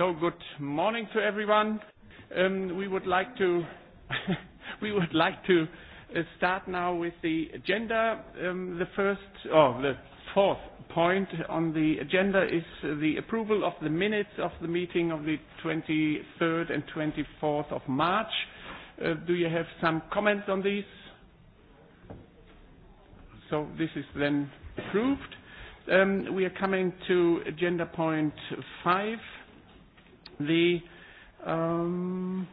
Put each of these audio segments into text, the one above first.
So good morning to everyone. we would like to we would like to start now with the agenda. Um, the first or the fourth point on the agenda is the approval of the minutes of the meeting of the 23rd and 24th of March. do you have some comments on these? So this is then approved. Um, we are coming to agenda point five the um,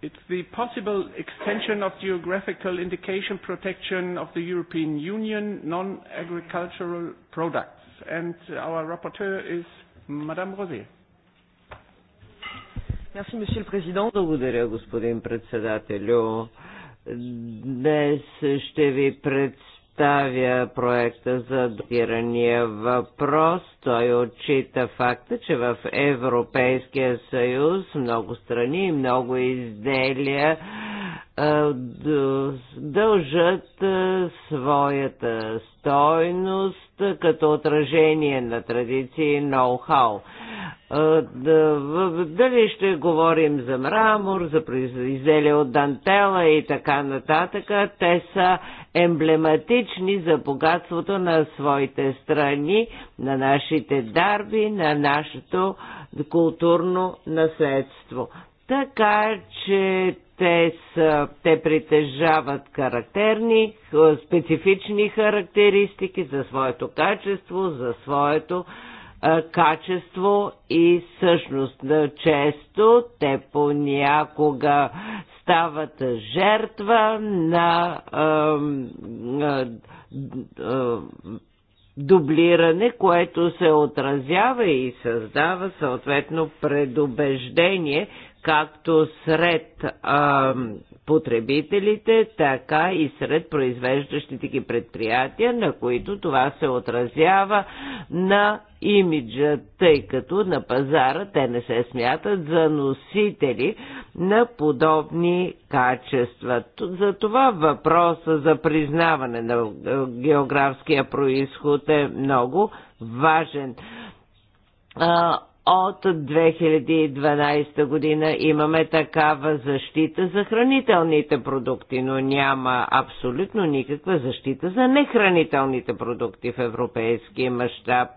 it's the possible extension of geographical indication protection of the European Union non-agricultural products. And our rapporteur is Madame Rosé. Merci, Monsieur le Président. Благодаря, господин председателю. Днес ще ви представя поставя проекта за дотирания въпрос. Той отчита факта, че в Европейския съюз много страни и много изделия дължат своята стойност като отражение на традиции и ноу-хау. Дали ще говорим за мрамор, за изделия от дантела и така нататък, те са емблематични за богатството на своите страни, на нашите дарби, на нашето културно наследство. Така е, че те, са, те притежават характерни, специфични характеристики за своето качество, за своето качество и същност. Често те понякога стават жертва на дублиране, което се отразява и създава съответно предубеждение, както сред а, потребителите, така и сред произвеждащите ги предприятия, на които това се отразява на имиджа, тъй като на пазара те не се смятат за носители на подобни качества. Затова въпроса за признаване на географския происход е много важен. От 2012 година имаме такава защита за хранителните продукти, но няма абсолютно никаква защита за нехранителните продукти в Европейския мащаб.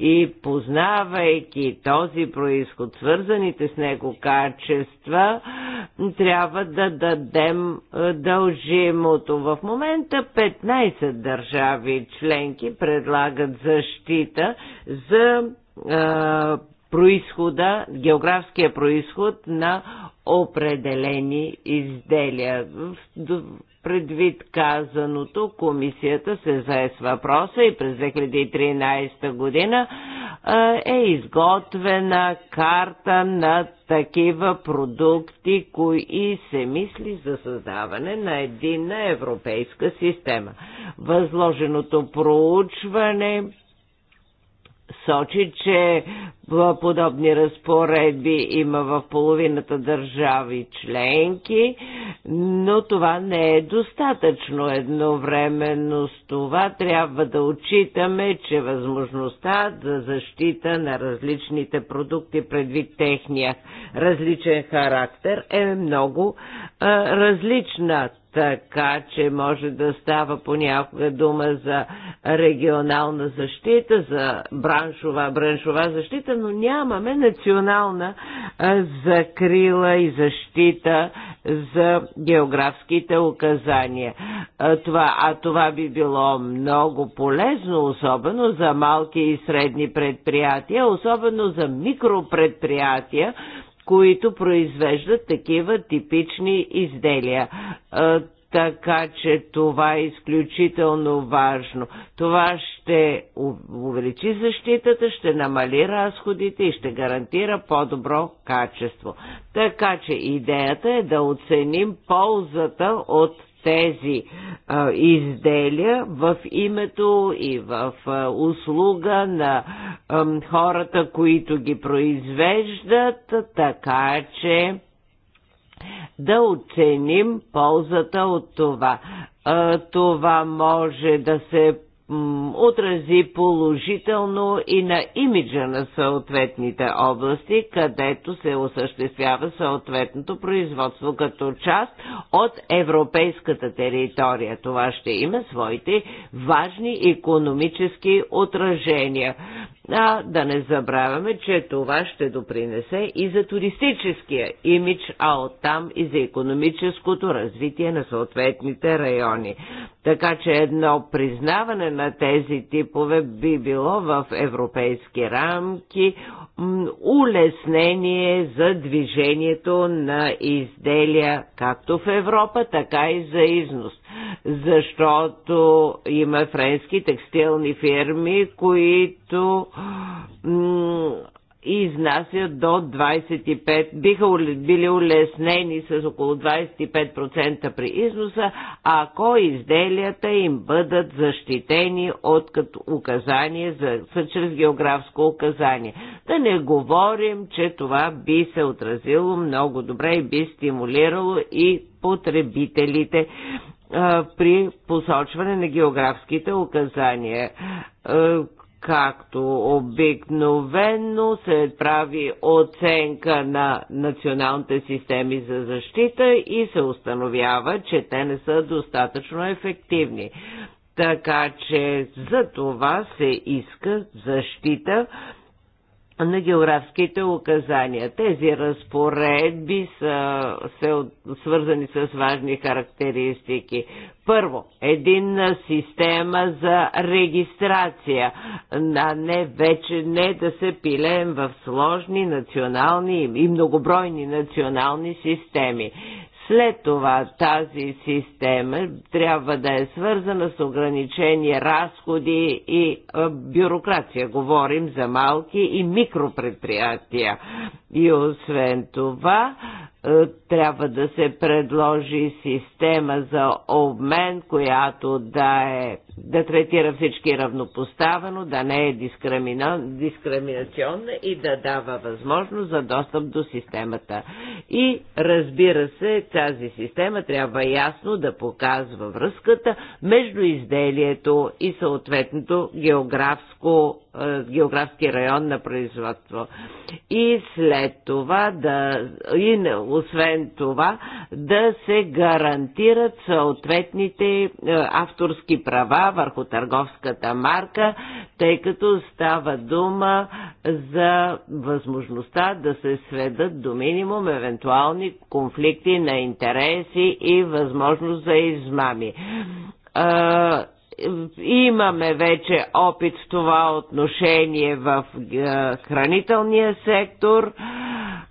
И познавайки този происход, свързаните с него качества, трябва да дадем е, дължимото. В момента 15 държави членки предлагат защита за е, происхода, географския происход на определени изделия. Предвид казаното, комисията се зае с въпроса и през 2013 година е, е изготвена карта на такива продукти, кои се мисли за създаване на единна европейска система. Възложеното проучване сочи, че подобни разпоредби има в половината държави членки, но това не е достатъчно. Едновременно с това трябва да отчитаме, че възможността за защита на различните продукти предвид техния различен характер е много а, различна така че може да става понякога дума за регионална защита, за браншова, браншова защита, но нямаме национална закрила и защита за географските указания. Това, а това би било много полезно, особено за малки и средни предприятия, особено за микропредприятия, които произвеждат такива типични изделия. Така че това е изключително важно. Това ще увеличи защитата, ще намали разходите и ще гарантира по-добро качество. Така че идеята е да оценим ползата от тези а, изделия в името и в а, услуга на а, хората, които ги произвеждат, така че да оценим ползата от това. Това може да се отрази положително и на имиджа на съответните области, където се осъществява съответното производство като част от европейската територия. Това ще има своите важни економически отражения. А да не забравяме, че това ще допринесе и за туристическия имидж, а оттам и за економическото развитие на съответните райони. Така че едно признаване на тези типове би било в европейски рамки улеснение за движението на изделия както в Европа, така и за износ. Защото има френски текстилни фирми, които и изнасят до 25, биха били улеснени с около 25% при износа, ако изделията им бъдат защитени от като указание, за, чрез географско указание. Да не говорим, че това би се отразило много добре и би стимулирало и потребителите при посочване на географските указания както обикновено се прави оценка на националните системи за защита и се установява, че те не са достатъчно ефективни. Така че за това се иска защита на географските указания. Тези разпоредби са се, свързани с важни характеристики. Първо, единна система за регистрация, а не вече не да се пилеем в сложни национални и многобройни национални системи. След това тази система трябва да е свързана с ограничени разходи и бюрокрация. Говорим за малки и микропредприятия. И освен това, е, трябва да се предложи система за обмен, която да, е, да третира всички равнопоставено, да не е дискримина, дискриминационна и да дава възможност за достъп до системата. И разбира се, тази система трябва ясно да показва връзката между изделието и съответното географско е, географски район на производство. И след това да, и освен това, да се гарантират съответните е, авторски права върху търговската марка, тъй като става дума за възможността да се сведат до минимум евентуални конфликти на интереси и възможност за измами е, Имаме вече опит в това отношение в хранителния сектор.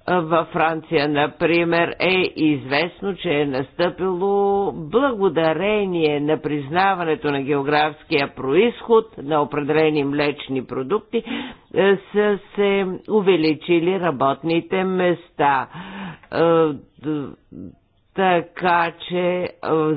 Във Франция, например, е известно, че е настъпило благодарение на признаването на географския происход на определени млечни продукти, е, са се увеличили работните места е, така че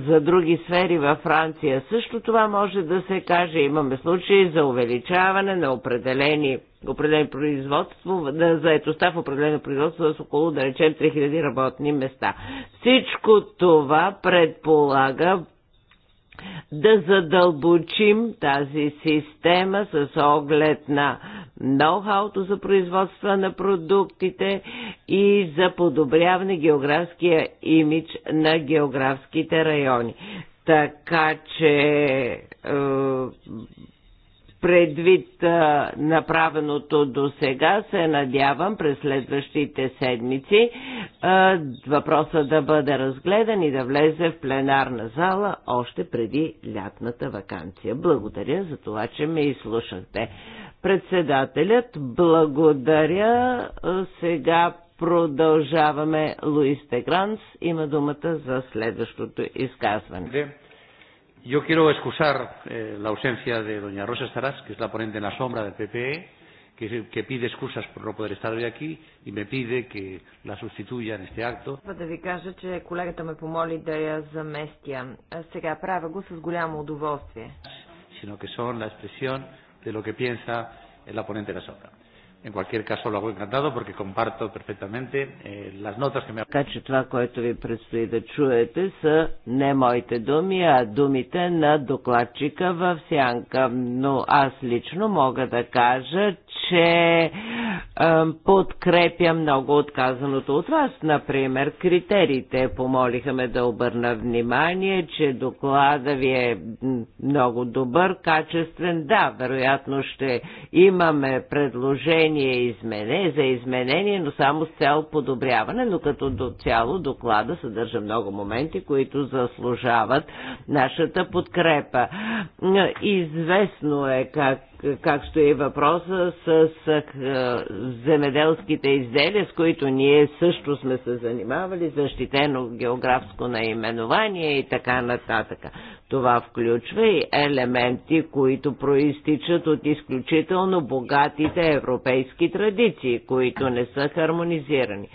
за други сфери във Франция също това може да се каже. Имаме случаи за увеличаване на определени, определени производство, да, ето в определено производство с около, да речем, 3000 работни места. Всичко това предполага да задълбочим тази система с оглед на ноу-хауто за производство на продуктите и за подобряване географския имидж на географските райони. Така че е, предвид а, направеното до сега, се надявам през следващите седмици а, въпроса да бъде разгледан и да влезе в пленарна зала още преди лятната вакансия. Благодаря за това, че ме изслушахте. Председателят, благодаря. Сега продължаваме. Луис Тегранс има думата за следващото изказване. Yo quiero excusar eh, la ausencia de doña Rosa Estarás, que es la ponente en la sombra del PPE, que, que pide excusas por no poder estar hoy aquí y me pide que la sustituya en este acto. Sino que son la expresión de lo que piensa la ponente en la sombra. En cualquier caso, lo hago encantado porque comparto perfectamente eh, las notas que me... Така че това, което ви предстои да чуете са не моите думи, а думите на докладчика в сянка. Но аз лично мога да кажа, че е, подкрепя много отказаното от вас. Например, критериите. Помолиха ме да обърна внимание, че доклада ви е много добър, качествен. Да, вероятно ще имаме предложение е измене, за изменение, но само с цел подобряване, но като до цяло доклада съдържа много моменти, които заслужават нашата подкрепа. Известно е как как стои въпроса с е, земеделските изделия, с които ние също сме се занимавали, защитено географско наименование и така нататък. Това включва и елементи, които проистичат от изключително богатите европейски традиции, които не са хармонизирани.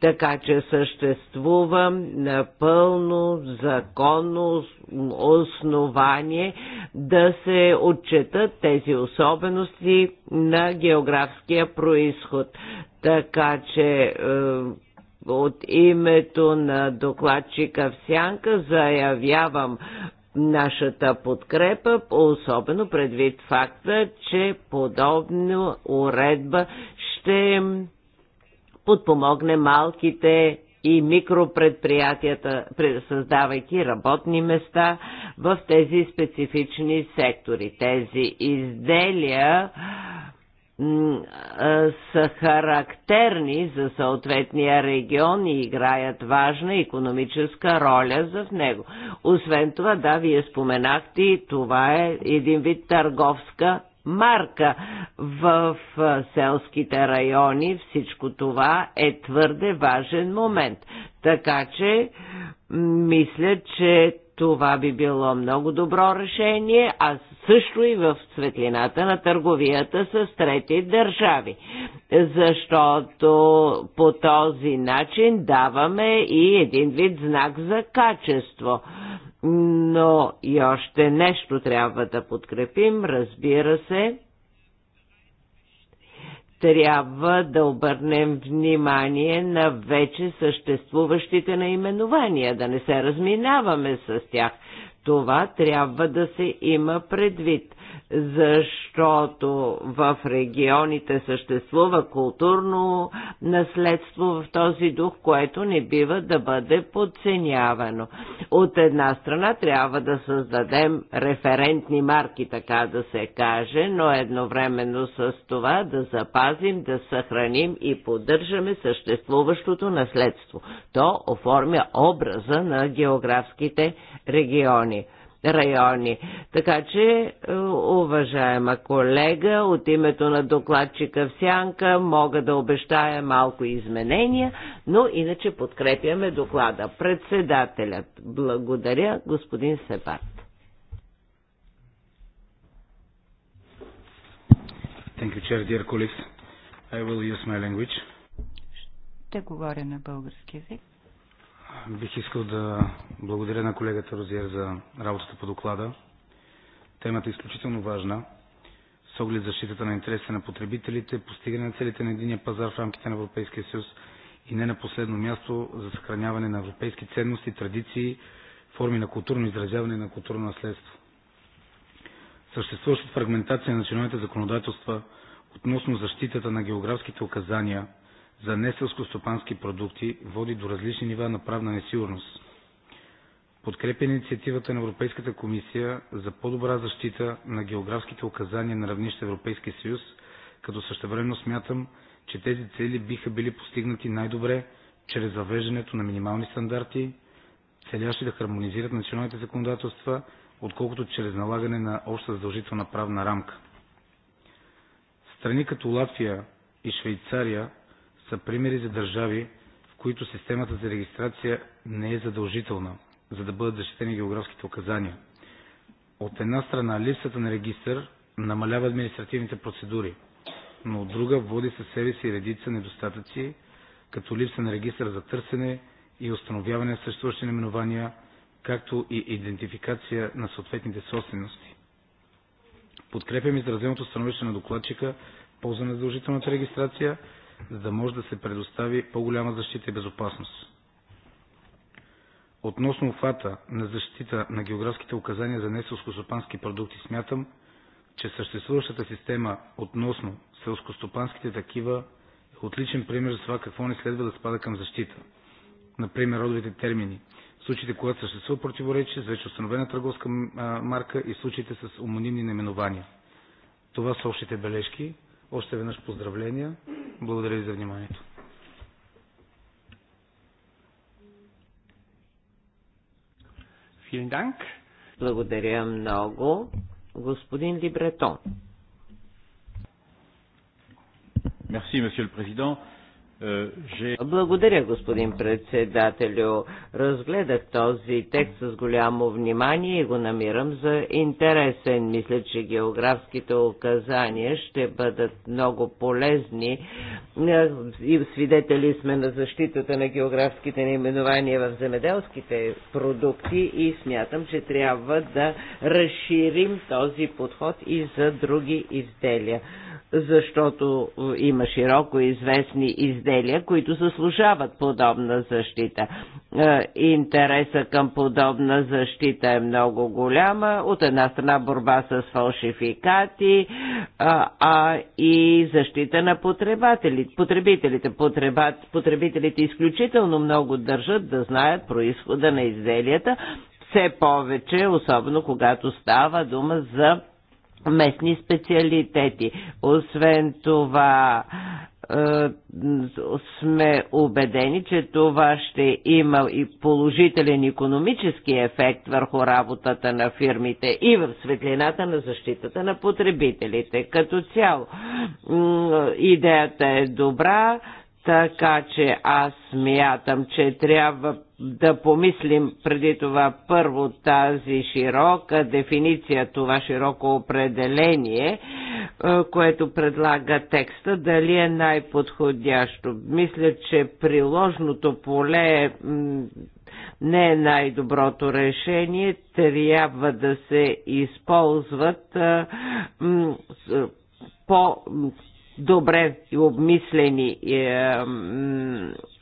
Така че съществува напълно е, законно основание да се отчетат тези особености на географския происход. Така че е, от името на докладчика в Сянка заявявам нашата подкрепа, особено предвид факта, че подобна уредба ще подпомогне малките и микропредприятията, създавайки работни места в тези специфични сектори. Тези изделия са характерни за съответния регион и играят важна економическа роля за в него. Освен това, да, вие споменахте, това е един вид търговска марка в селските райони. Всичко това е твърде важен момент. Така че, мисля, че това би било много добро решение, а също и в светлината на търговията с трети държави. Защото по този начин даваме и един вид знак за качество. Но и още нещо трябва да подкрепим, разбира се. Трябва да обърнем внимание на вече съществуващите наименования, да не се разминаваме с тях. Това трябва да се има предвид защото в регионите съществува културно наследство в този дух, което не бива да бъде подценявано. От една страна трябва да създадем референтни марки, така да се каже, но едновременно с това да запазим, да съхраним и поддържаме съществуващото наследство. То оформя образа на географските региони райони. Така че, е, уважаема колега, от името на докладчика в Сянка мога да обещая малко изменения, но иначе подкрепяме доклада. Председателят, благодаря, господин Себат. Thank you, Chair, dear colleagues. I will use my language. Ще говоря на български язик бих искал да благодаря на колегата Розиер за работата по доклада. Темата е изключително важна с оглед защитата на интересите на потребителите, постигане на целите на единия пазар в рамките на Европейския съюз и не на последно място за съхраняване на европейски ценности, традиции, форми на културно изразяване и на културно наследство. Съществуващата фрагментация на националните законодателства относно защитата на географските указания – за неселско-стопански продукти води до различни нива на правна несигурност. Подкрепя инициативата на Европейската комисия за по-добра защита на географските указания на равнище Европейски съюз, като същевременно смятам, че тези цели биха били постигнати най-добре чрез въвеждането на минимални стандарти, целящи да хармонизират националните законодателства, отколкото чрез налагане на обща задължителна правна рамка. Страни като Латвия и Швейцария са примери за държави, в които системата за регистрация не е задължителна, за да бъдат защитени географските указания. От една страна, липсата на регистър намалява административните процедури, но от друга води със себе си редица недостатъци, като липса на регистър за търсене и установяване на съществуващи наименования, както и идентификация на съответните собствености. Подкрепям изразеното становище на докладчика в полза на задължителната регистрация – за да може да се предостави по-голяма защита и безопасност. Относно обхвата на защита на географските указания за неселскостопански продукти смятам, че съществуващата система относно селскостопанските такива е отличен пример за това какво не следва да спада към защита. Например, родовите термини, в случаите когато съществува противоречие с вече установена търговска марка и случаите с умонимни наименования. Това са общите бележки. Още веднъж поздравления. Благодаря ви за вниманието. Благодаря много. Господин Либретон. Merci, Monsieur le Président. Е, Благодаря, господин председателю. Разгледах този текст с голямо внимание и го намирам за интересен. Мисля, че географските указания ще бъдат много полезни е, и свидетели сме на защитата на географските наименования в земеделските продукти и смятам, че трябва да разширим този подход и за други изделия защото е, има широко известни изделия, които заслужават подобна защита. Е, интереса към подобна защита е много голяма. От една страна борба с фалшификати, е, а, и защита на потребителите. Потребителите, потребат, потребителите изключително много държат да знаят происхода на изделията, все повече, особено когато става дума за местни специалитети. Освен това, е, сме убедени, че това ще има и положителен економически ефект върху работата на фирмите и в светлината на защитата на потребителите. Като цяло, идеята е добра, така че аз смятам, че трябва да помислим преди това първо тази широка дефиниция, това широко определение, е, което предлага текста, дали е най-подходящо. Мисля, че приложното поле е не е най-доброто решение, трябва да се използват е, по добре обмислени е,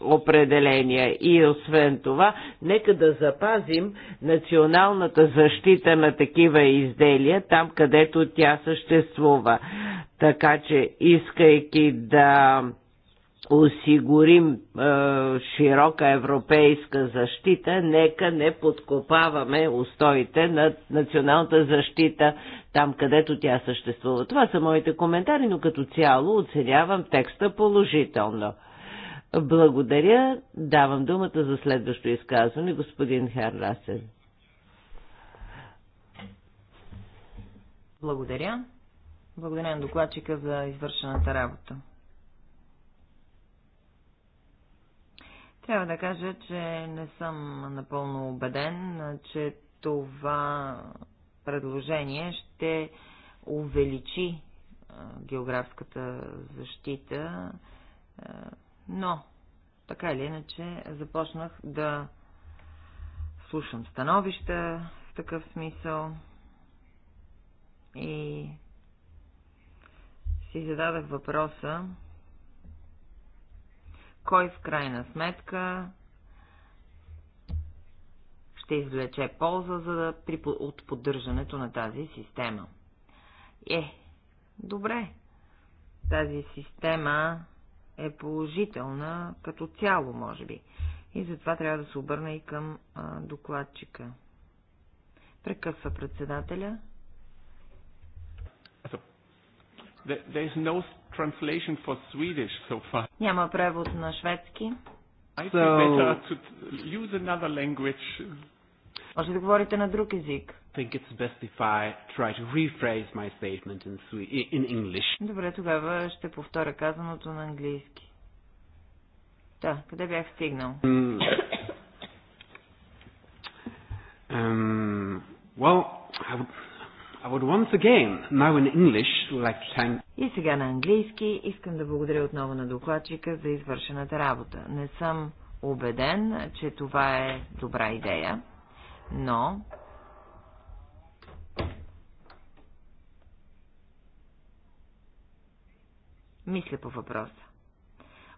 определения. И освен това, нека да запазим националната защита на такива изделия там, където тя съществува. Така че, искайки да осигурим е, широка европейска защита, нека не подкопаваме устоите на националната защита там, където тя съществува. Това са моите коментари, но като цяло оценявам текста положително. Благодаря. Давам думата за следващо изказване, господин Херласен. Благодаря. Благодаря на докладчика за извършената работа. Трябва да кажа, че не съм напълно убеден, че това предложение ще увеличи географската защита, но така или иначе започнах да слушам становища в такъв смисъл и си зададах въпроса кой в крайна сметка ще извлече полза за да, при, от поддържането на тази система. Е, добре. Тази система е положителна като цяло, може би. И затова трябва да се обърна и към а, докладчика. Прекъсва председателя. There is no translation for Swedish so far. Няма превод на шведски. I think better to use another language. Може да говорите на друг език. think it's best if I try to rephrase my statement in, in English. Добре, тогава ще повторя казаното на английски. Да, къде бях стигнал? Um, well, I would I would once again, now in English, like to thank... И сега на английски искам да благодаря отново на докладчика за извършената работа. Не съм убеден, че това е добра идея, но мисля по въпроса.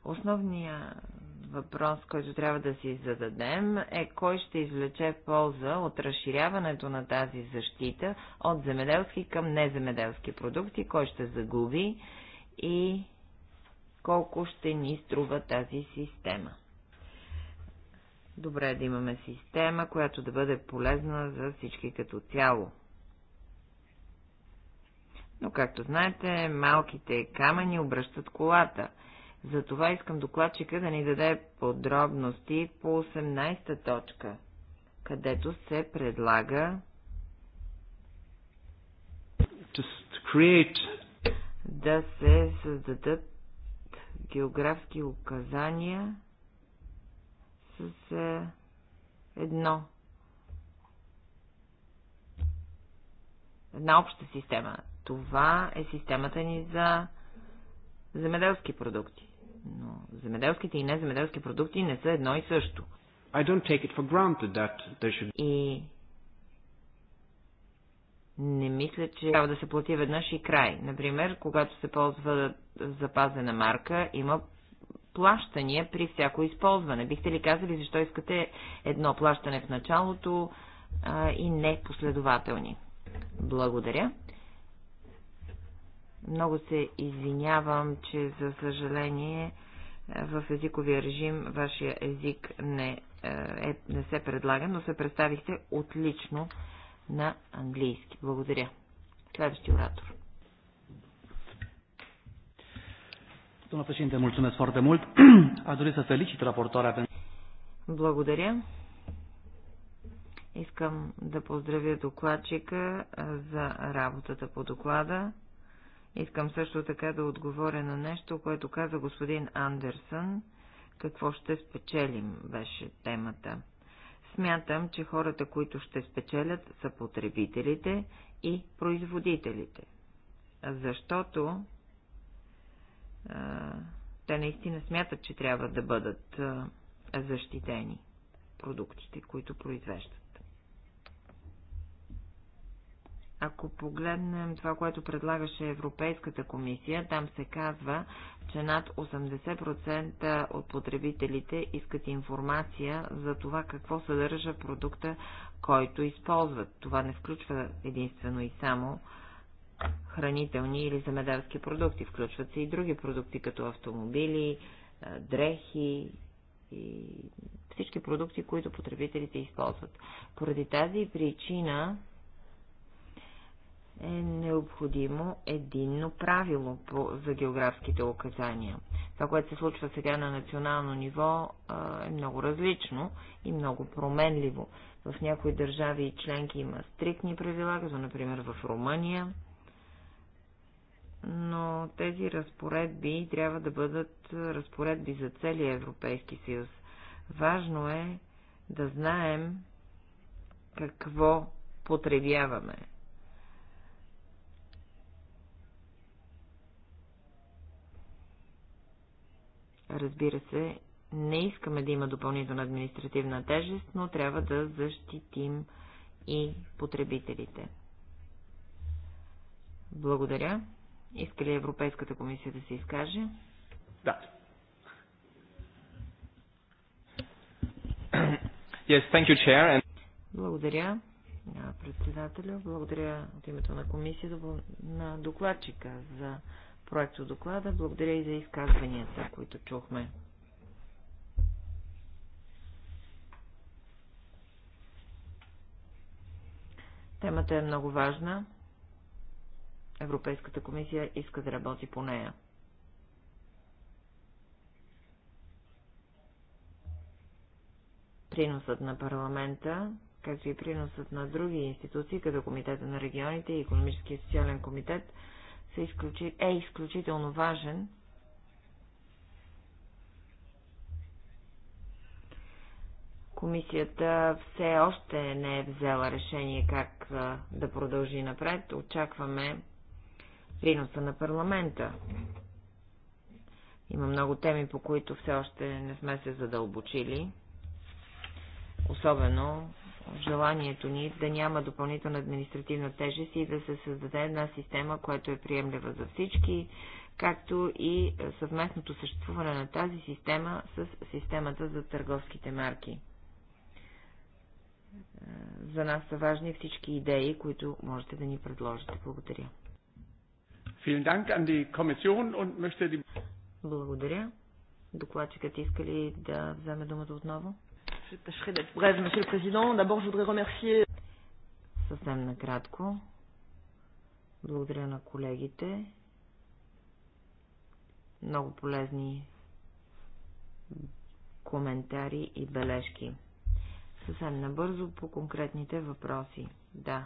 Основният въпрос, който трябва да си зададем, е кой ще извлече полза от разширяването на тази защита от земеделски към неземеделски продукти, кой ще загуби и колко ще ни струва тази система. Добре е да имаме система, която да бъде полезна за всички като цяло. Но, както знаете, малките камъни обръщат колата. Затова искам докладчика да ни даде подробности по 18-та точка, където се предлага create... да се създадат географски указания с е, едно. Една обща система. Това е системата ни за земеделски продукти но земеделските и неземеделски продукти не са едно и също. I don't take it for granted that there should... И не мисля, че трябва да се плати веднъж и край. Например, когато се ползва запазена марка, има плащания при всяко използване. Бихте ли казали, защо искате едно плащане в началото а, и не последователни? Благодаря. Много се извинявам, че за съжаление е, в езиковия режим вашия език не, е, е, не се предлага, но се представихте отлично на английски. Благодаря. Следващи оратор. Domnul președinte, mulțumesc foarte mult. Aș dori să felicit raportoarea pentru... Благодаря. Искам да поздравя докладчика за работата по доклада. Искам също така да отговоря на нещо, което каза господин Андерсън. Какво ще спечелим, беше темата. Смятам, че хората, които ще спечелят, са потребителите и производителите. Защото а, те наистина смятат, че трябва да бъдат а, защитени продуктите, които произвеждат. Ако погледнем това, което предлагаше Европейската комисия, там се казва, че над 80% от потребителите искат информация за това какво съдържа продукта, който използват. Това не включва единствено и само хранителни или замедарски продукти. Включват се и други продукти, като автомобили, е, дрехи и всички продукти, които потребителите използват. Поради тази причина е необходимо единно правило по, за географските указания. Това, което се случва сега на национално ниво, е много различно и много променливо. В някои държави и членки има стриктни правила, като например в Румъния, но тези разпоредби трябва да бъдат разпоредби за целия Европейски съюз. Важно е да знаем какво потребяваме, Разбира се, не искаме да има допълнителна административна тежест, но трябва да защитим и потребителите. Благодаря. Иска ли Европейската комисия да се изкаже? Да. Yes, thank you, chair. And... Благодаря председателя. Благодаря от името на комисията на докладчика за проекто доклада. Благодаря и за изказванията, които чухме. Темата е много важна. Европейската комисия иска да работи по нея. Приносът на парламента, както и приносът на други институции, като Комитета на регионите и Економически и социален комитет, изключи... е изключително важен. Комисията все още не е взела решение как да продължи напред. Очакваме приноса на парламента. Има много теми, по които все още не сме се задълбочили, особено желанието ни да няма допълнителна административна тежест и да се създаде една система, която е приемлива за всички, както и съвместното съществуване на тази система с системата за търговските марки. За нас са важни всички идеи, които можете да ни предложите. Благодаря. Благодаря. Докладчикът иска ли да вземе думата отново? Je tâcherai d'être brève, Monsieur le Président. D'abord, je voudrais remercier... Съвсем накратко. Благодаря на колегите. Много полезни коментари и бележки. Съвсем набързо по конкретните въпроси. Да,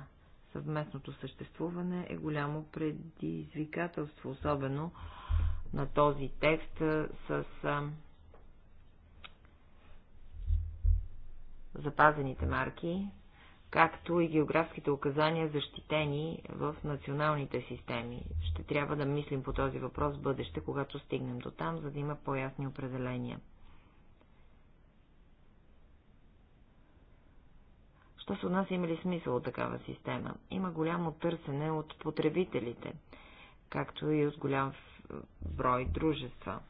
съвместното съществуване е голямо предизвикателство, особено на този текст с запазените марки, както и географските указания, защитени в националните системи. Ще трябва да мислим по този въпрос в бъдеще, когато стигнем до там, за да има по-ясни определения. Що се нас има ли смисъл от такава система? Има голямо търсене от потребителите, както и от голям брой дружества.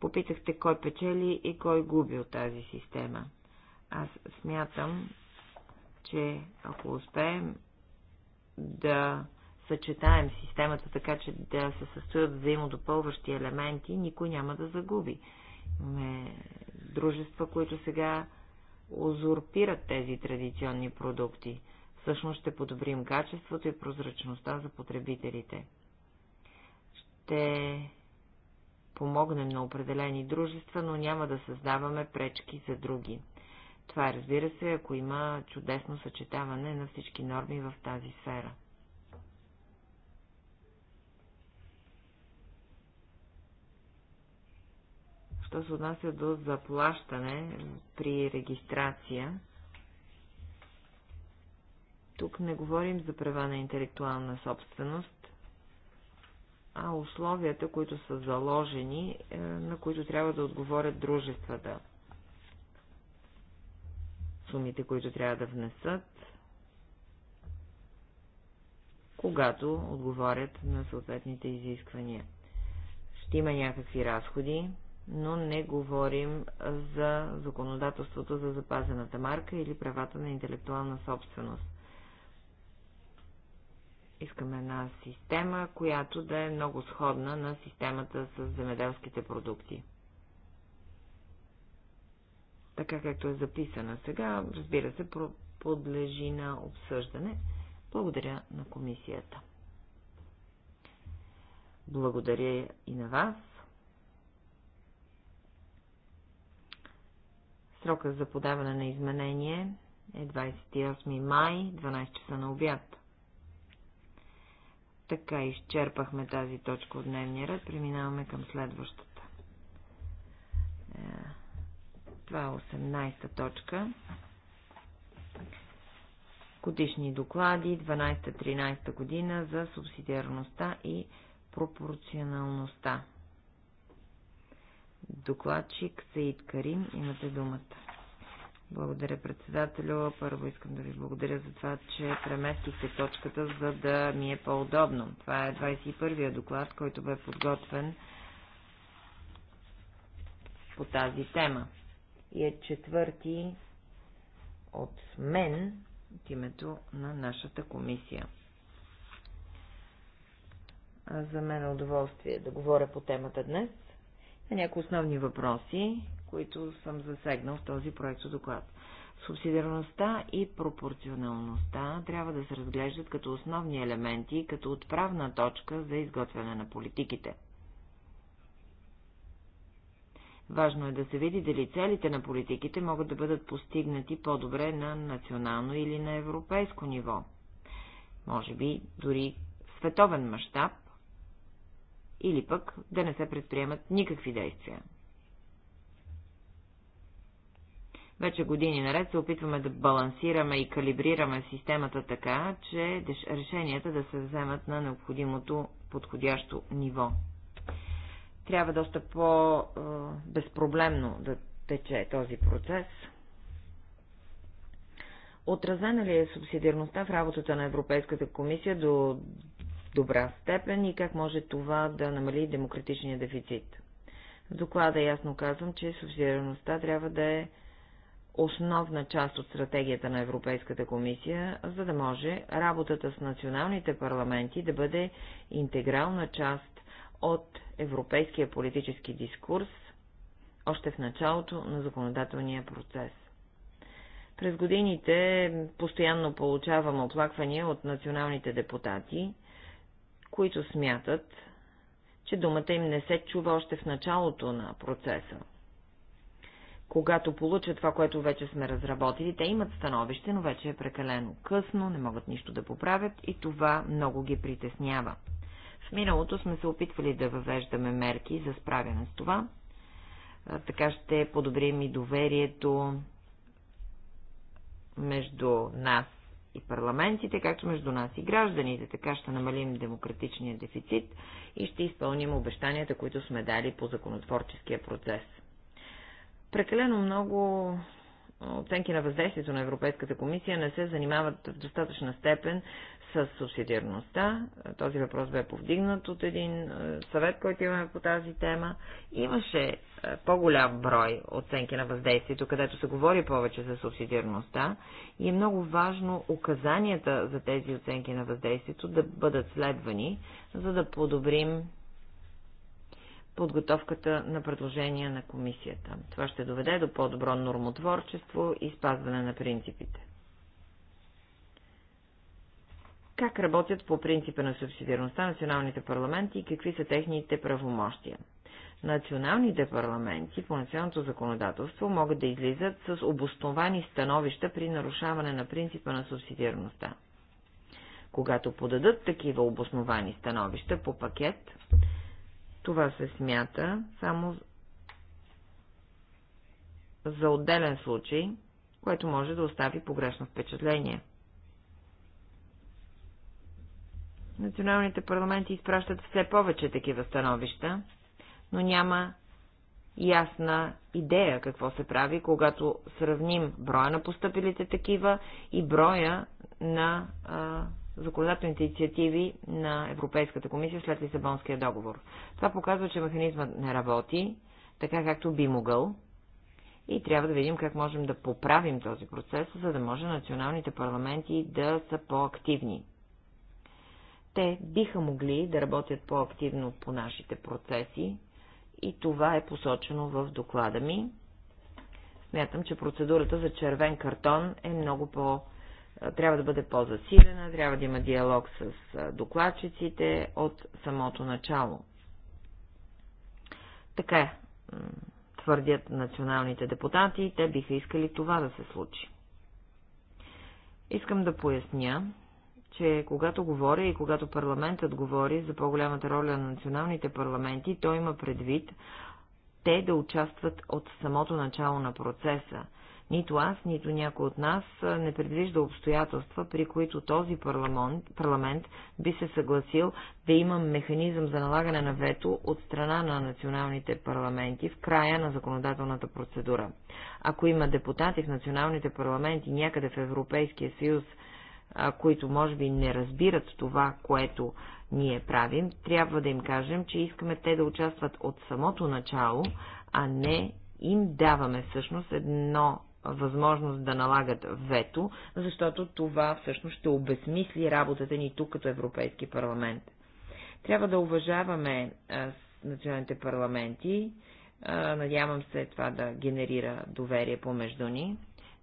Попитахте кой печели и кой губи от тази система. Аз смятам, че ако успеем да съчетаем системата така, че да се състоят взаимодопълващи елементи, никой няма да загуби. Имаме дружества, които сега узурпират тези традиционни продукти. Всъщност ще подобрим качеството и прозрачността за потребителите. Ще помогнем на определени дружества, но няма да създаваме пречки за други. Това е, разбира се, ако има чудесно съчетаване на всички норми в тази сфера. Що се отнася до заплащане при регистрация, тук не говорим за права на интелектуална собственост, а условията, които са заложени, е, на които трябва да отговорят дружествата сумите, които трябва да внесат, когато отговорят на съответните изисквания. Ще има някакви разходи, но не говорим за законодателството за запазената марка или правата на интелектуална собственост. Искаме една система, която да е много сходна на системата с земеделските продукти така както е записана сега, разбира се, подлежи на обсъждане. Благодаря на комисията. Благодаря и на вас. Срока за подаване на изменение е 28 май, 12 часа на обяд. Така изчерпахме тази точка от дневния ред. Преминаваме към следващата. Е, това е 18-та точка. Годишни доклади 12-13 година за субсидиарността и пропорционалността. Докладчик Саид Карим, имате думата. Благодаря, председателю. Първо искам да ви благодаря за това, че преместихте точката, за да ми е по-удобно. Това е 21-я доклад, който бе подготвен по тази тема и е четвърти от мен от името на нашата комисия. А за мен е удоволствие да говоря по темата днес. Е някои основни въпроси, които съм засегнал в този проект доклад. Субсидиарността и пропорционалността трябва да се разглеждат като основни елементи, като отправна точка за изготвяне на политиките – Важно е да се види дали целите на политиките могат да бъдат постигнати по-добре на национално или на европейско ниво. Може би дори световен мащаб, или пък да не се предприемат никакви действия. Вече години наред се опитваме да балансираме и калибрираме системата така, че решенията да се вземат на необходимото подходящо ниво. Трябва доста по-безпроблемно да тече този процес. Отразена ли е субсидиарността в работата на Европейската комисия до добра степен и как може това да намали демократичния дефицит? В доклада ясно казвам, че субсидиарността трябва да е основна част от стратегията на Европейската комисия, за да може работата с националните парламенти да бъде интегрална част от европейския политически дискурс още в началото на законодателния процес. През годините постоянно получавам оплаквания от националните депутати, които смятат, че думата им не се чува още в началото на процеса. Когато получат това, което вече сме разработили, те имат становище, но вече е прекалено късно, не могат нищо да поправят и това много ги притеснява. В миналото сме се опитвали да въвеждаме мерки за справяне с това. Така ще подобрим и доверието между нас и парламентите, както между нас и гражданите. Така ще намалим демократичния дефицит и ще изпълним обещанията, които сме дали по законотворческия процес. Прекалено много оценки на въздействието на Европейската комисия не се занимават в достатъчна степен с субсидиарността. Този въпрос бе повдигнат от един е, съвет, който имаме по тази тема. Имаше е, по-голям брой оценки на въздействието, където се говори повече за субсидиарността и е много важно указанията за тези оценки на въздействието да бъдат следвани, за да подобрим подготовката на предложения на комисията. Това ще доведе до по-добро нормотворчество и спазване на принципите. Как работят по принципа на субсидиарността националните парламенти и какви са техните правомощия? Националните парламенти по националното законодателство могат да излизат с обосновани становища при нарушаване на принципа на субсидиарността. Когато подадат такива обосновани становища по пакет, това се смята само за отделен случай, което може да остави погрешно впечатление. Националните парламенти изпращат все повече такива становища, но няма ясна идея какво се прави, когато сравним броя на поступилите такива и броя на а, законодателните инициативи на Европейската комисия след Лисабонския договор. Това показва, че механизмът не работи така, както би могъл и трябва да видим как можем да поправим този процес, за да може националните парламенти да са по-активни. Те биха могли да работят по-активно по нашите процеси и това е посочено в доклада ми. Смятам, че процедурата за червен картон е много по-активна трябва да бъде по-засилена, трябва да има диалог с докладчиците от самото начало. Така е, твърдят националните депутати и те биха искали това да се случи. Искам да поясня, че когато говоря и когато парламентът говори за по-голямата роля на националните парламенти, той има предвид те да участват от самото начало на процеса, нито аз, нито някой от нас не предвижда обстоятелства, при които този парламент, парламент би се съгласил да има механизъм за налагане на вето от страна на националните парламенти в края на законодателната процедура. Ако има депутати в националните парламенти някъде в Европейския съюз, които може би не разбират това, което ние правим, трябва да им кажем, че искаме те да участват от самото начало, а не им даваме всъщност едно възможност да налагат вето, защото това всъщност ще обезмисли работата ни тук като Европейски парламент. Трябва да уважаваме националните парламенти. Надявам се това да генерира доверие помежду ни.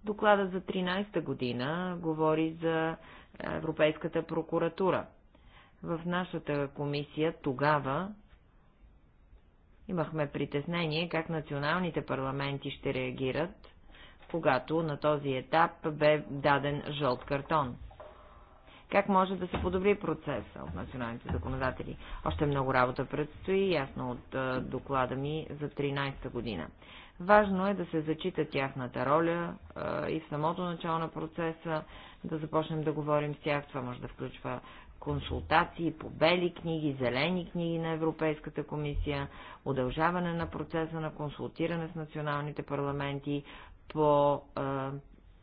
Докладът за 13-та година говори за Европейската прокуратура. В нашата комисия тогава имахме притеснение как националните парламенти ще реагират когато на този етап бе даден жълт картон. Как може да се подобри процеса от националните законодатели? Още много работа предстои, ясно от доклада ми за 13-та година. Важно е да се зачита тяхната роля и в самото начало на процеса, да започнем да говорим с тях. Това може да включва консултации по бели книги, зелени книги на Европейската комисия, удължаване на процеса на консултиране с националните парламенти, по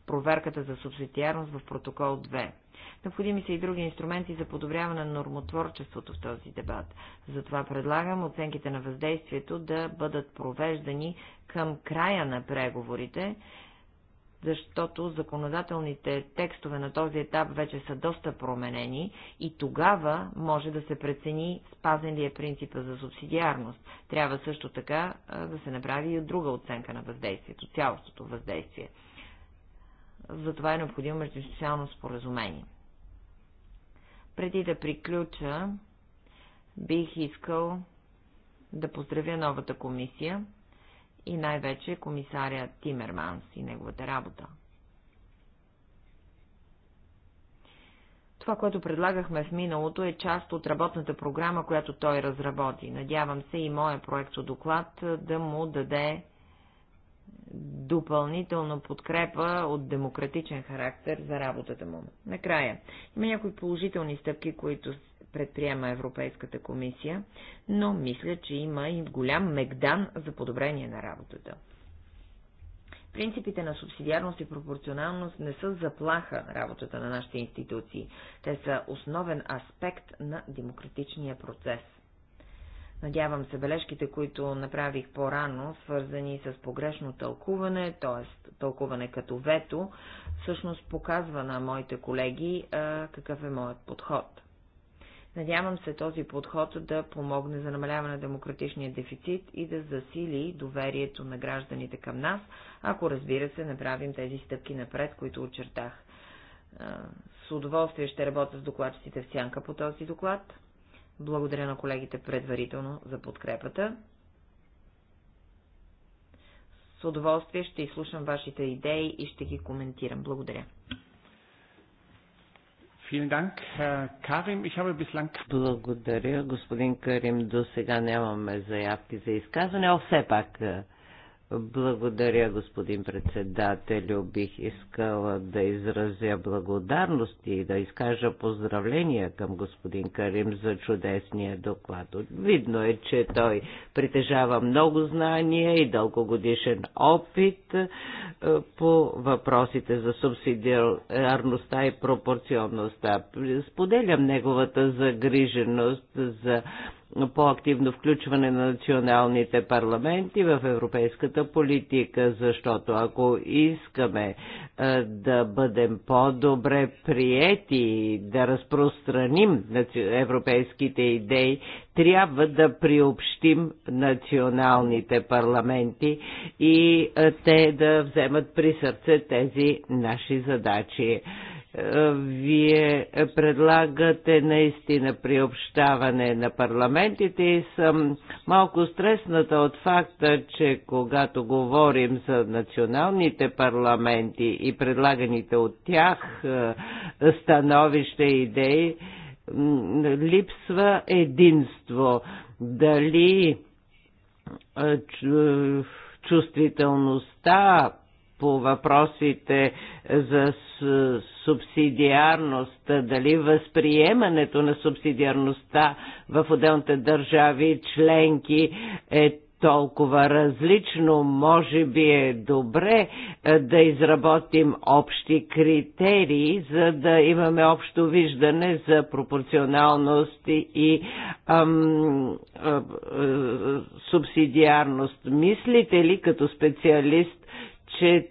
проверката за субсидиарност в протокол 2. Необходими са и други инструменти за подобряване на нормотворчеството в този дебат. Затова предлагам оценките на въздействието да бъдат провеждани към края на преговорите защото законодателните текстове на този етап вече са доста променени и тогава може да се прецени спазен ли е принципа за субсидиарност. Трябва също така да се направи и друга оценка на въздействието, цялостното въздействие. Затова е необходимо междуинституционално споразумение. Преди да приключа, бих искал да поздравя новата комисия и най-вече комисаря Тимерманс и неговата работа. Това, което предлагахме в миналото, е част от работната програма, която той разработи. Надявам се и моя доклад да му даде допълнителна подкрепа от демократичен характер за работата му. Накрая, има някои положителни стъпки, които предприема Европейската комисия, но мисля, че има и голям мегдан за подобрение на работата. Принципите на субсидиарност и пропорционалност не са заплаха на работата на нашите институции. Те са основен аспект на демократичния процес. Надявам се бележките, които направих по-рано, свързани с погрешно тълкуване, т.е. тълкуване като вето, всъщност показва на моите колеги какъв е моят подход. Надявам се този подход да помогне за намаляване на демократичния дефицит и да засили доверието на гражданите към нас, ако разбира се направим тези стъпки напред, които очертах. С удоволствие ще работя с докладчиците в сянка по този доклад. Благодаря на колегите предварително за подкрепата. С удоволствие ще изслушам вашите идеи и ще ги коментирам. Благодаря. Благодаря, господин Карим. До сега нямаме заявки за изказване, а все пак благодаря, господин председателю. Бих искала да изразя благодарност и да изкажа поздравления към господин Карим за чудесния доклад. Видно е, че той притежава много знания и дългогодишен опит е, по въпросите за субсидиарността и пропорционността. Споделям неговата загриженост за по-активно включване на националните парламенти в европейската политика, защото ако искаме е, да бъдем по-добре приети, да разпространим европейските идеи, трябва да приобщим националните парламенти и е, те да вземат при сърце тези наши задачи вие предлагате наистина приобщаване на парламентите и съм малко стресната от факта, че когато говорим за националните парламенти и предлаганите от тях е, становища и идеи, липсва единство. Дали е, чувствителността по въпросите за субсидиарност, дали възприемането на субсидиарността в отделните държави членки е толкова различно, може би е добре е, да изработим общи критерии, за да имаме общо виждане за пропорционалност и ам, а, а, субсидиарност. Мислите ли като специалист, че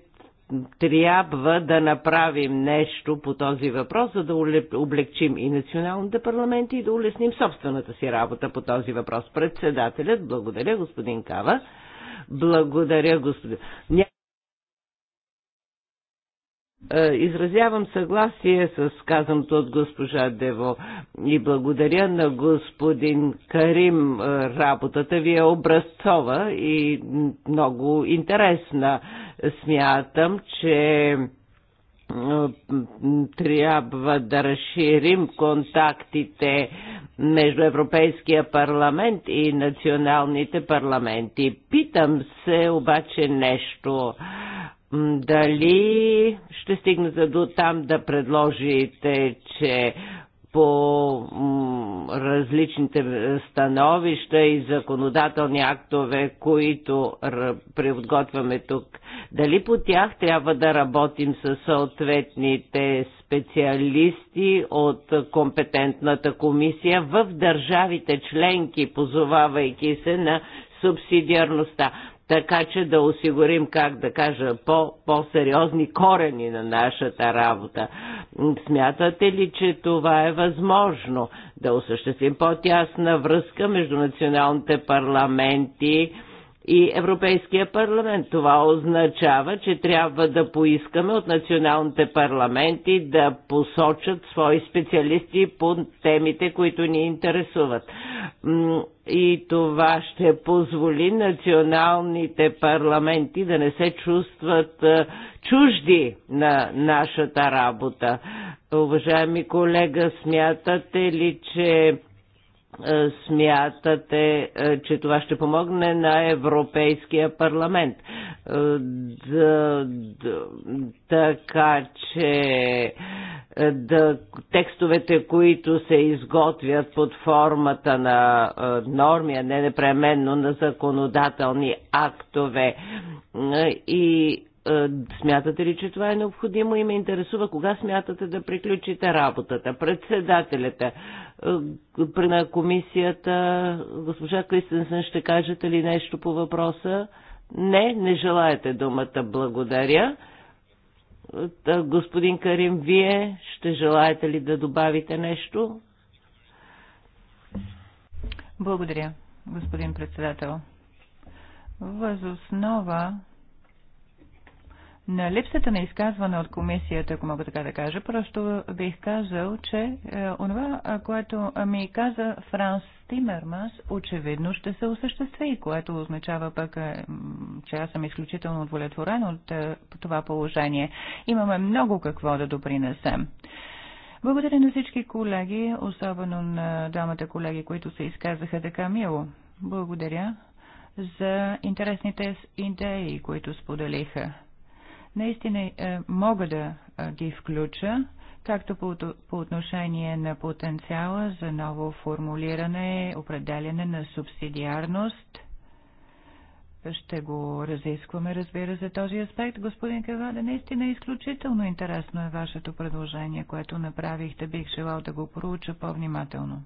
трябва да направим нещо по този въпрос, за да облегчим и националните парламенти и да улесним собствената си работа по този въпрос. Председателят, благодаря господин Кава, благодаря господин... Е, изразявам съгласие с казаното от госпожа Дево и благодаря на господин Карим. Е, работата ви е образцова и много интересна. Смятам, че е, трябва да разширим контактите между Европейския парламент и националните парламенти. Питам се обаче нещо. Дали ще стигнете до там да предложите, че по различните становища и законодателни актове, които приготвяме тук. Дали по тях трябва да работим с съответните специалисти от компетентната комисия в държавите членки, позовавайки се на субсидиарността така че да осигурим, как да кажа, по, по-сериозни корени на нашата работа. Смятате ли, че това е възможно да осъществим по-тясна връзка между националните парламенти? и Европейския парламент. Това означава, че трябва да поискаме от националните парламенти да посочат свои специалисти по темите, които ни интересуват. И това ще позволи националните парламенти да не се чувстват е, чужди на нашата работа. Уважаеми колега, смятате ли, че е, смятате, е, че това ще помогне на Европейския парламент. Да, е, да, така че да, текстовете, които се изготвят под формата на норми, а не непременно на законодателни актове и е, смятате ли, че това е необходимо и ме интересува кога смятате да приключите работата? Председателята е, на комисията, госпожа Кристенсен, ще кажете ли нещо по въпроса? Не, не желаете думата. Благодаря. Господин Карим, вие ще желаете ли да добавите нещо? Благодаря, господин председател. Възоснова на липсата на изказване от комисията, ако мога така да кажа, просто бих казал, че е, онова, което ми каза Франс Тимермас, очевидно ще се осъществи, което означава пък, е, че аз съм изключително удовлетворен от е, това положение. Имаме много какво да допринесем. Благодаря на всички колеги, особено на двамата колеги, които се изказаха така мило. Благодаря за интересните идеи, които споделиха наистина е, мога да е, ги включа, както по, по отношение на потенциала за ново формулиране, определяне на субсидиарност. Ще го разискваме, разбира се, този аспект. Господин Кавада, наистина е изключително интересно е вашето предложение, което направихте. Бих желал да го проуча по-внимателно.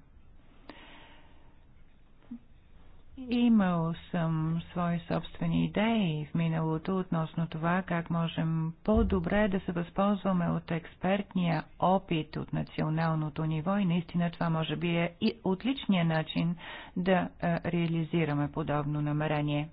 Имал съм свои собствени идеи в миналото относно това как можем по-добре да се възползваме от експертния опит от националното ниво и наистина това може би е и отличният начин да реализираме подобно намерение.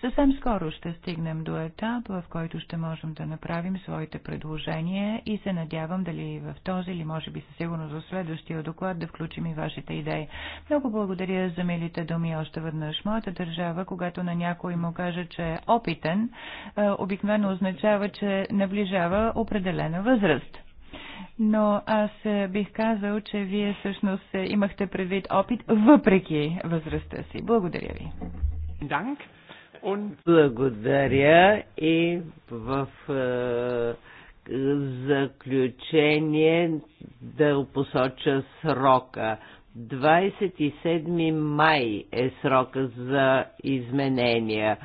Съвсем скоро ще стигнем до етап, в който ще можем да направим своите предложения и се надявам дали в този или може би със сигурност в следващия доклад да включим и вашите идеи. Много благодаря за милите думи още веднъж. Моята държава, когато на някой му каже, че е опитен, е, обикновено означава, че наближава определена възраст. Но аз е, бих казал, че вие всъщност е, имахте предвид опит въпреки възрастта си. Благодаря ви. Dank. Благодаря и в е, заключение да посоча срока. 27 май е срока за изменения.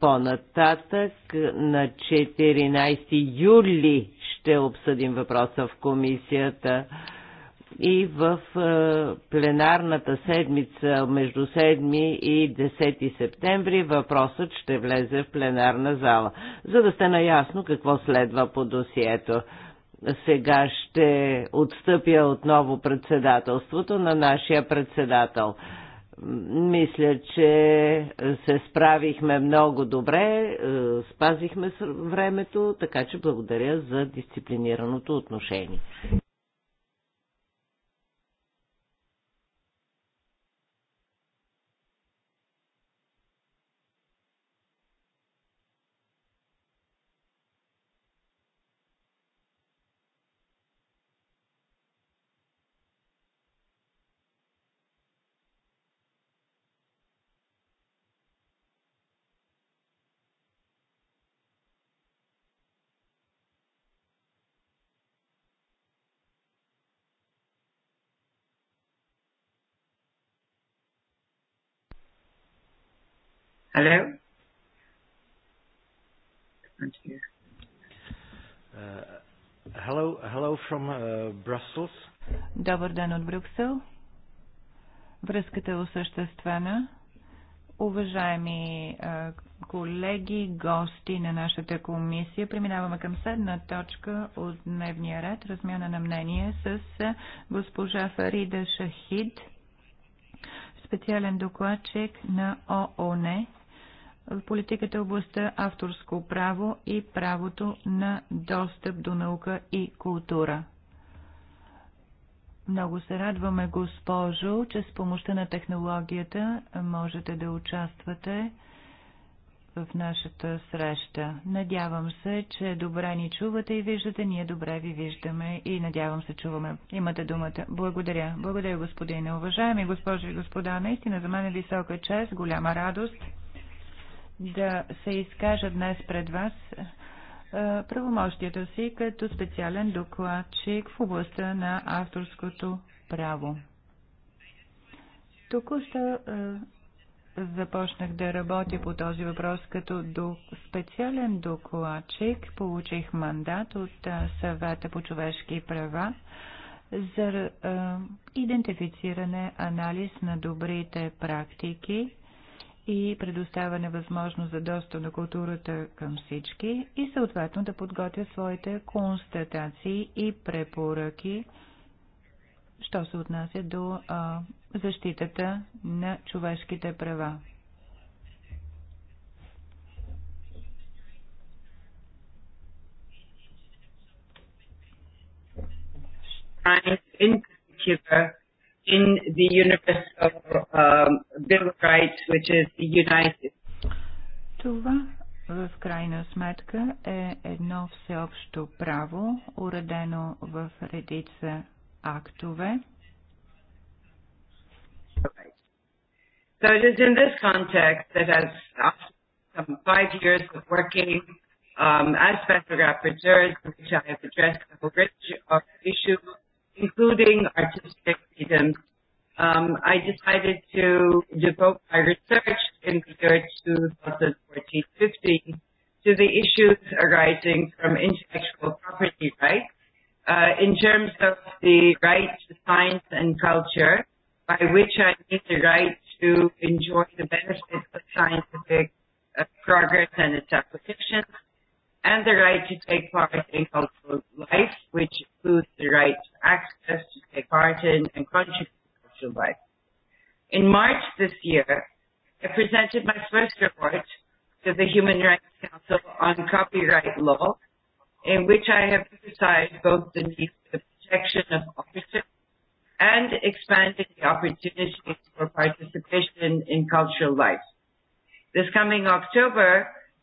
По-нататък на 14 юли ще обсъдим въпроса в комисията и в е, пленарната седмица между 7 и 10 септември въпросът ще влезе в пленарна зала, за да сте наясно какво следва по досието. Сега ще отстъпя отново председателството на нашия председател мисля, че се справихме много добре, е, спазихме времето, така че благодаря за дисциплинираното отношение. Hello? Uh, hello, hello from uh, Brussels. Добър ден от Брюксел. Връзката е осъществена. Уважаеми колеги, гости на нашата комисия, преминаваме към седна точка от дневния ред, размяна на мнение с госпожа Фарида Шахид, специален докладчик на ООН в политиката областта авторско право и правото на достъп до наука и култура. Много се радваме, госпожо, че с помощта на технологията можете да участвате в нашата среща. Надявам се, че добре ни чувате и виждате, ние добре ви виждаме и надявам се чуваме. Имате думата. Благодаря. Благодаря, господине. Уважаеми госпожи и господа, наистина за мен е висока чест, голяма радост да се изкажа днес пред вас е, правомощието си като специален докладчик в областта на авторското право. Току-що е, започнах да работя по този въпрос като специален докладчик. Получих мандат от е, съвета по човешки права за идентифициране, анализ на добрите практики и предоставяне възможност за достъп на културата към всички и съответно да подготвя своите констатации и препоръки, що се отнася до а, защитата на човешките права. in particular in the universe of um, Bill of Rights, which is the united. States. в крайна сметка е едно всеобщо право, уредено в редица актове. So it is in this context that as some five years of working um, as special rapporteurs, which I have addressed a of issues including artistic freedom. Um, I decided to devote my research in the year 2014-15 to the issues arising from intellectual property rights uh, in terms of the right to science and culture, by which I mean the right to enjoy the benefits of scientific uh, progress and its applications, and the right to take part in cultural life, which includes the right to access, to take part in, and contribute to cultural life. In March this year, I presented my first report to the Human Rights Council on copyright law, in which I have emphasized both the need for the protection of authorship and expanding the opportunities for participation in cultural life. This coming October,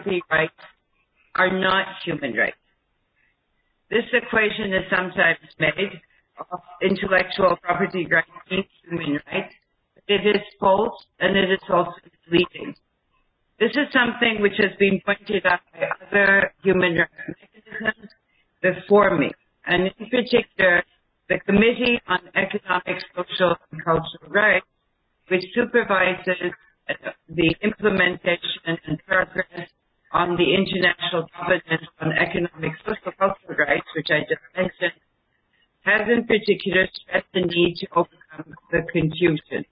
property rights are not human rights. This equation is sometimes made of intellectual property rights being human rights, but it is false and it is also misleading. This is something which has been pointed out by other human rights mechanisms before me, and in particular, the Committee on Economic, Social, and Cultural Rights, which supervises the implementation the International Covenant on Economic Social Cultural Rights, which I just mentioned, has in particular stressed the need to overcome the confusion.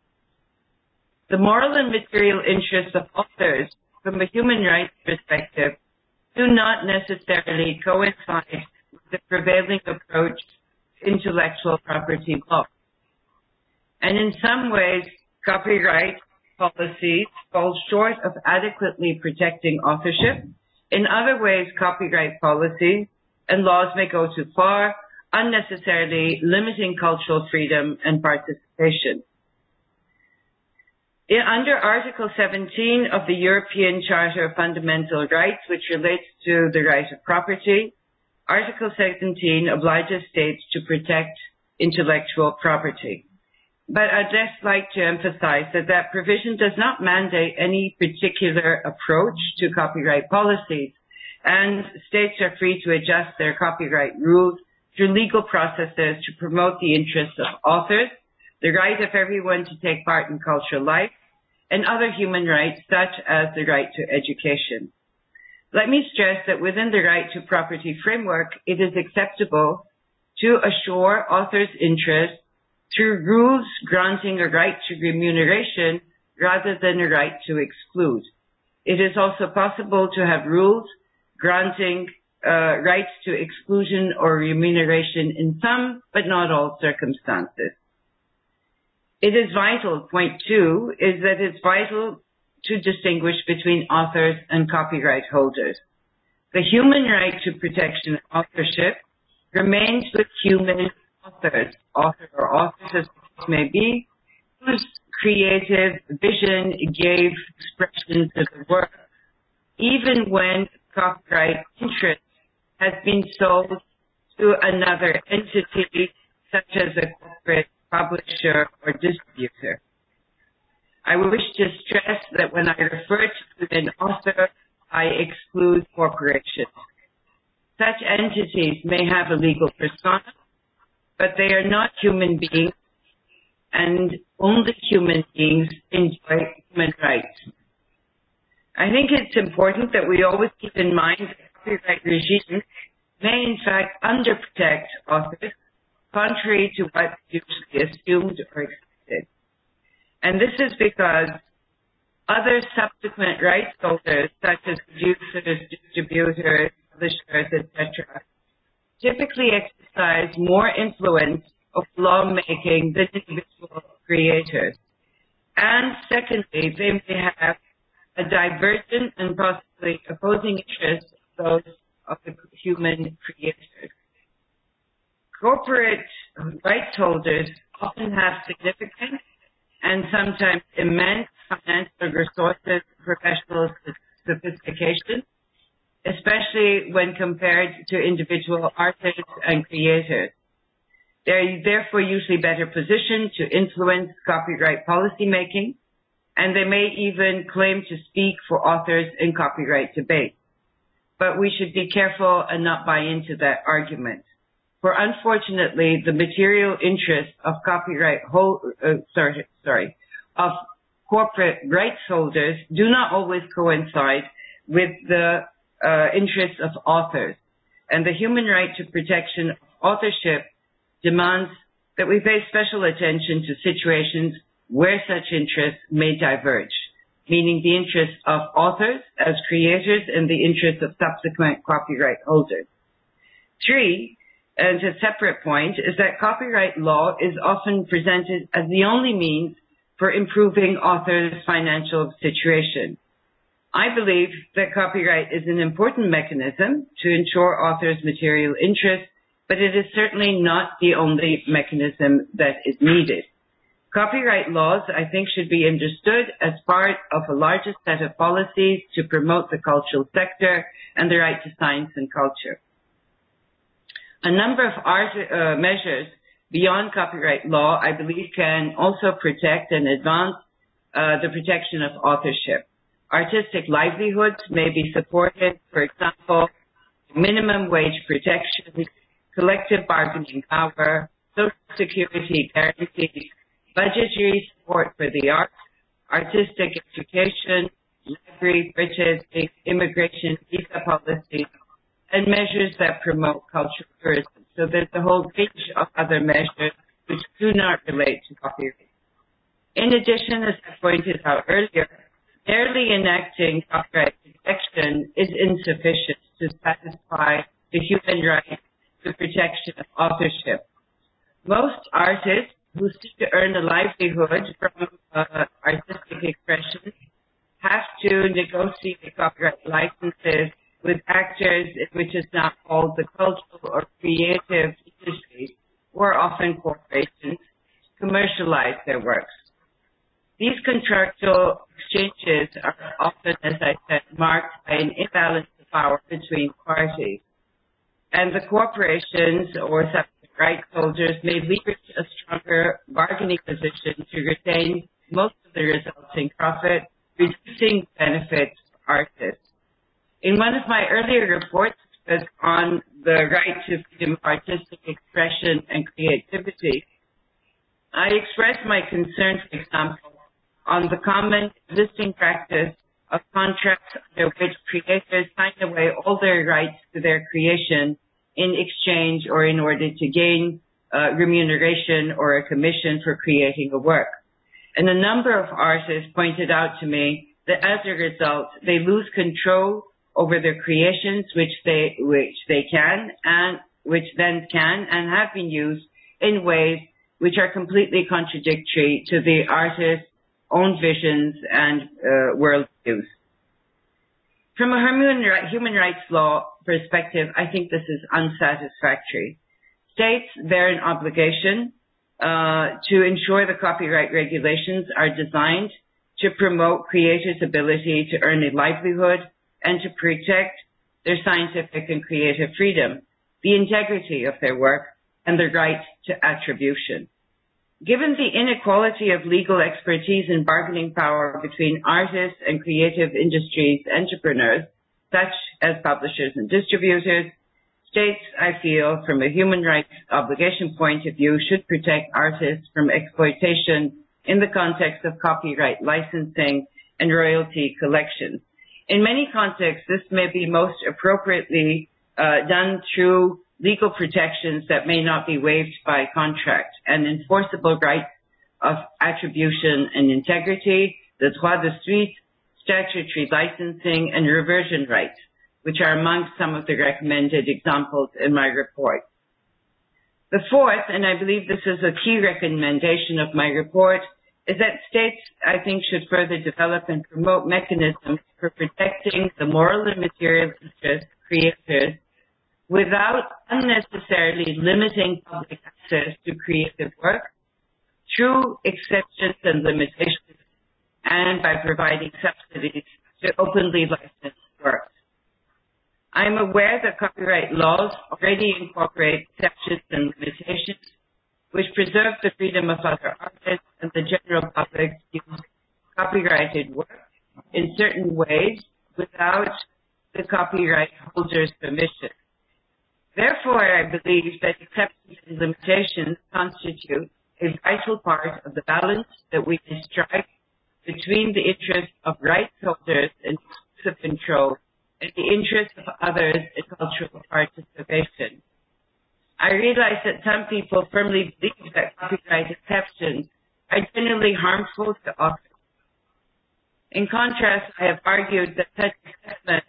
The moral and material interests of authors from a human rights perspective do not necessarily coincide with the prevailing approach to intellectual property law. And in some ways, copyright policies fall short of adequately protecting authorship In other ways, copyright policy and laws may go too far, unnecessarily limiting cultural freedom and participation. Under Article 17 of the European Charter of Fundamental Rights, which relates to the right of property, Article 17 obliges states to protect intellectual property but I'd just like to emphasize that that provision does not mandate any particular approach to copyright policies, and states are free to adjust their copyright rules through legal processes to promote the interests of authors, the right of everyone to take part in cultural life, and other human rights such as the right to education. Let me stress that within the right to property framework, it is acceptable to assure authors' interests through rules granting a right to remuneration rather than a right to exclude. It is also possible to have rules granting uh, rights to exclusion or remuneration in some, but not all circumstances. It is vital, point two, is that it's vital to distinguish between authors and copyright holders. The human right to protection of authorship remains with human authors, author or authors as the case may be, whose creative vision gave expression to the work, even when copyright interest has been sold to another entity such as a corporate publisher or distributor. I wish to stress that when I refer to an author, I exclude corporations. Such entities may have a legal persona but they are not human beings, and only human beings enjoy human rights. I think it's important that we always keep in mind that copyright regimes may in fact underprotect authors, contrary to what usually assumed or expected. And this is because other subsequent rights holders, such as producers, distributors, publishers, etc., typically exercise more influence of lawmaking than individual creators. And secondly, they may have a divergent and possibly opposing interest of those of the human creators. Corporate rights holders often have significant and sometimes immense financial resources, professional sophistication, especially when compared to individual artists and creators. They are therefore usually better positioned to influence copyright policy making, and they may even claim to speak for authors in copyright debates. But we should be careful and not buy into that argument. For unfortunately, the material interest of copyright hold, uh, sorry, sorry, of corporate rights holders do not always coincide with the uh, interests of authors. And the human right to protection of authorship demands that we pay special attention to situations where such interests may diverge, meaning the interests of authors as creators and the interests of subsequent copyright holders. Three, and a separate point, is that copyright law is often presented as the only means for improving authors' financial situation. I believe that copyright is an important mechanism to ensure authors' material interests, but it is certainly not the only mechanism that is needed. Copyright laws, I think, should be understood as part of a larger set of policies to promote the cultural sector and the right to science and culture. A number of art, uh, measures beyond copyright law, I believe, can also protect and advance uh, the protection of authorship. Artistic livelihoods may be supported, for example, minimum wage protection, collective bargaining power, social security guarantees, budgetary support for the arts, artistic education, library bridges, immigration, visa policies, and measures that promote cultural tourism. So there's a whole range of other measures which do not relate to copyright. In addition, as I pointed out earlier, merely enacting copyright protection is insufficient to satisfy the human right to protection of authorship. Most artists who seek to earn a livelihood from uh, artistic expression have to negotiate copyright licenses with actors in which is not called the cultural or creative industries, or often corporations, commercialize their works. These contractual exchanges are often, as I said, marked by an imbalance of power between parties. And the corporations or separate rights holders may leverage a stronger bargaining position to retain most of the resulting profit, reducing benefits for artists. In one of my earlier reports was on the right to freedom of artistic expression and creativity, I expressed my concern, for example, on the common existing practice of contracts under which creators sign away all their rights to their creation in exchange or in order to gain uh, remuneration or a commission for creating a work. And a number of artists pointed out to me that as a result, they lose control over their creations, which they, which they can and which then can and have been used in ways which are completely contradictory to the artist's own visions and uh, worldviews. From a human, rights law perspective, I think this is unsatisfactory. States bear an obligation uh, to ensure the copyright regulations are designed to promote creators' ability to earn a livelihood and to protect their scientific and creative freedom, the integrity of their work, and their right to attribution. Given the inequality of legal expertise and bargaining power between artists and creative industries entrepreneurs, such as publishers and distributors, states, I feel, from a human rights obligation point of view, should protect artists from exploitation in the context of copyright licensing and royalty collection. In many contexts, this may be most appropriately uh, done through legal protections that may not be waived by contract, and enforceable rights of attribution and integrity, the droit de suite, statutory licensing, and reversion rights, which are among some of the recommended examples in my report. The fourth, and I believe this is a key recommendation of my report, is that states, I think, should further develop and promote mechanisms for protecting the moral and material interests of creators without unnecessarily limiting public access to creative work through exceptions and limitations and by providing subsidies to openly licensed works. I'm aware that copyright laws already incorporate exceptions and limitations which preserve the freedom of other artists and the general public to use copyrighted work in certain ways without the copyright holder's permission. Therefore, I believe that acceptance and limitations constitute a vital part of the balance that we can strike between the interests of rights holders and of control and the interests of others in cultural participation. I realize that some people firmly believe that copyright exceptions are generally harmful to authors. In contrast, I have argued that such assessments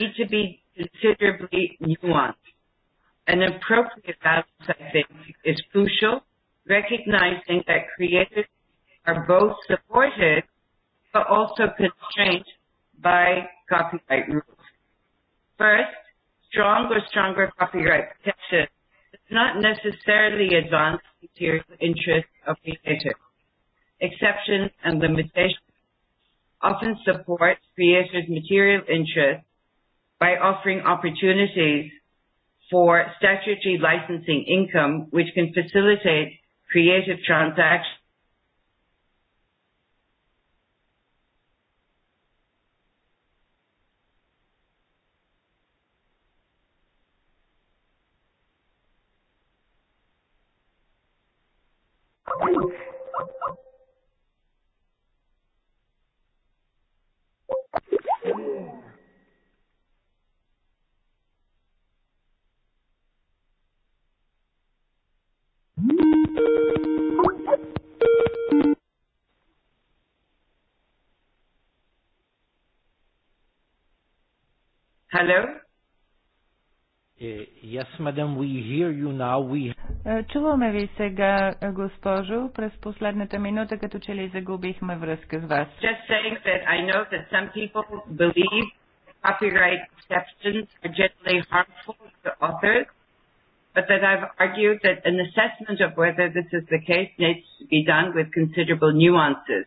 need to be considerably nuanced. An appropriate balance, I think, is crucial, recognizing that creators are both supported but also constrained by copyright rules. First, strong or stronger copyright protection does not necessarily advance the material interests of creators. Exceptions and limitations often support creators' material interests by offering opportunities for statutory licensing income, which can facilitate creative transactions Hello? Yes, madam, we hear you now. We... Чуваме ви сега, госпожо. През последната минута, като че ли загубихме връзка с вас. Just saying that I know that some people believe copyright exceptions are generally harmful to authors, but that I've argued that an assessment of whether this is the case needs to be done with considerable nuances,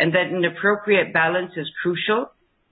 and that an appropriate balance is crucial,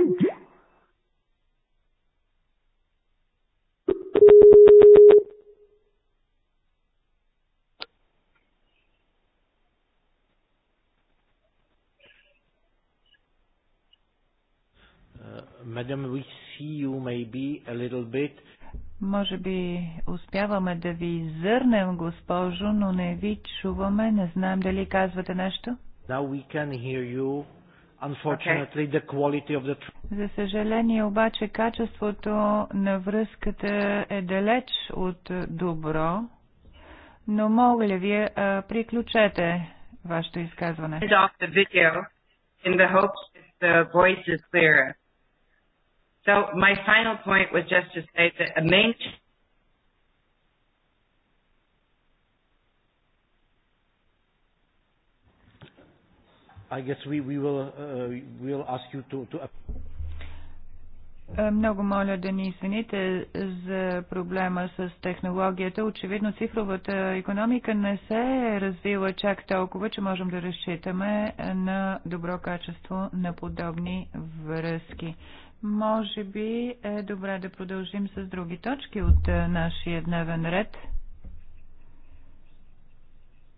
Uh, Може би успяваме да ви зърнем, госпожо, но не ви чуваме. Не знаем дали казвате нещо. Now we can hear you. За съжаление обаче качеството на връзката е далеч от добро, но мога ли вие а, приключете вашето изказване? So my final point was just to I guess we, we will, uh, we'll ask you to, to... Е, много моля да ни извините за проблема с технологията. Очевидно цифровата економика не се е развила чак толкова, че можем да разчитаме на добро качество на подобни връзки. Може би е добре да продължим с други точки от е, нашия дневен ред.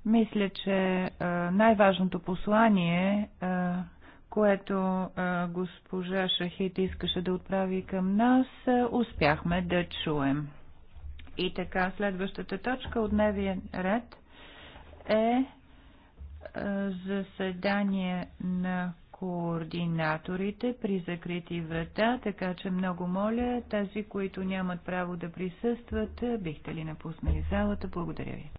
Мисля, че най-важното послание, което госпожа Шахит искаше да отправи към нас, успяхме да чуем. И така, следващата точка от дневния ред е заседание на координаторите при закрити врата, така че много моля тези, които нямат право да присъстват, бихте ли напуснали залата. Благодаря ви.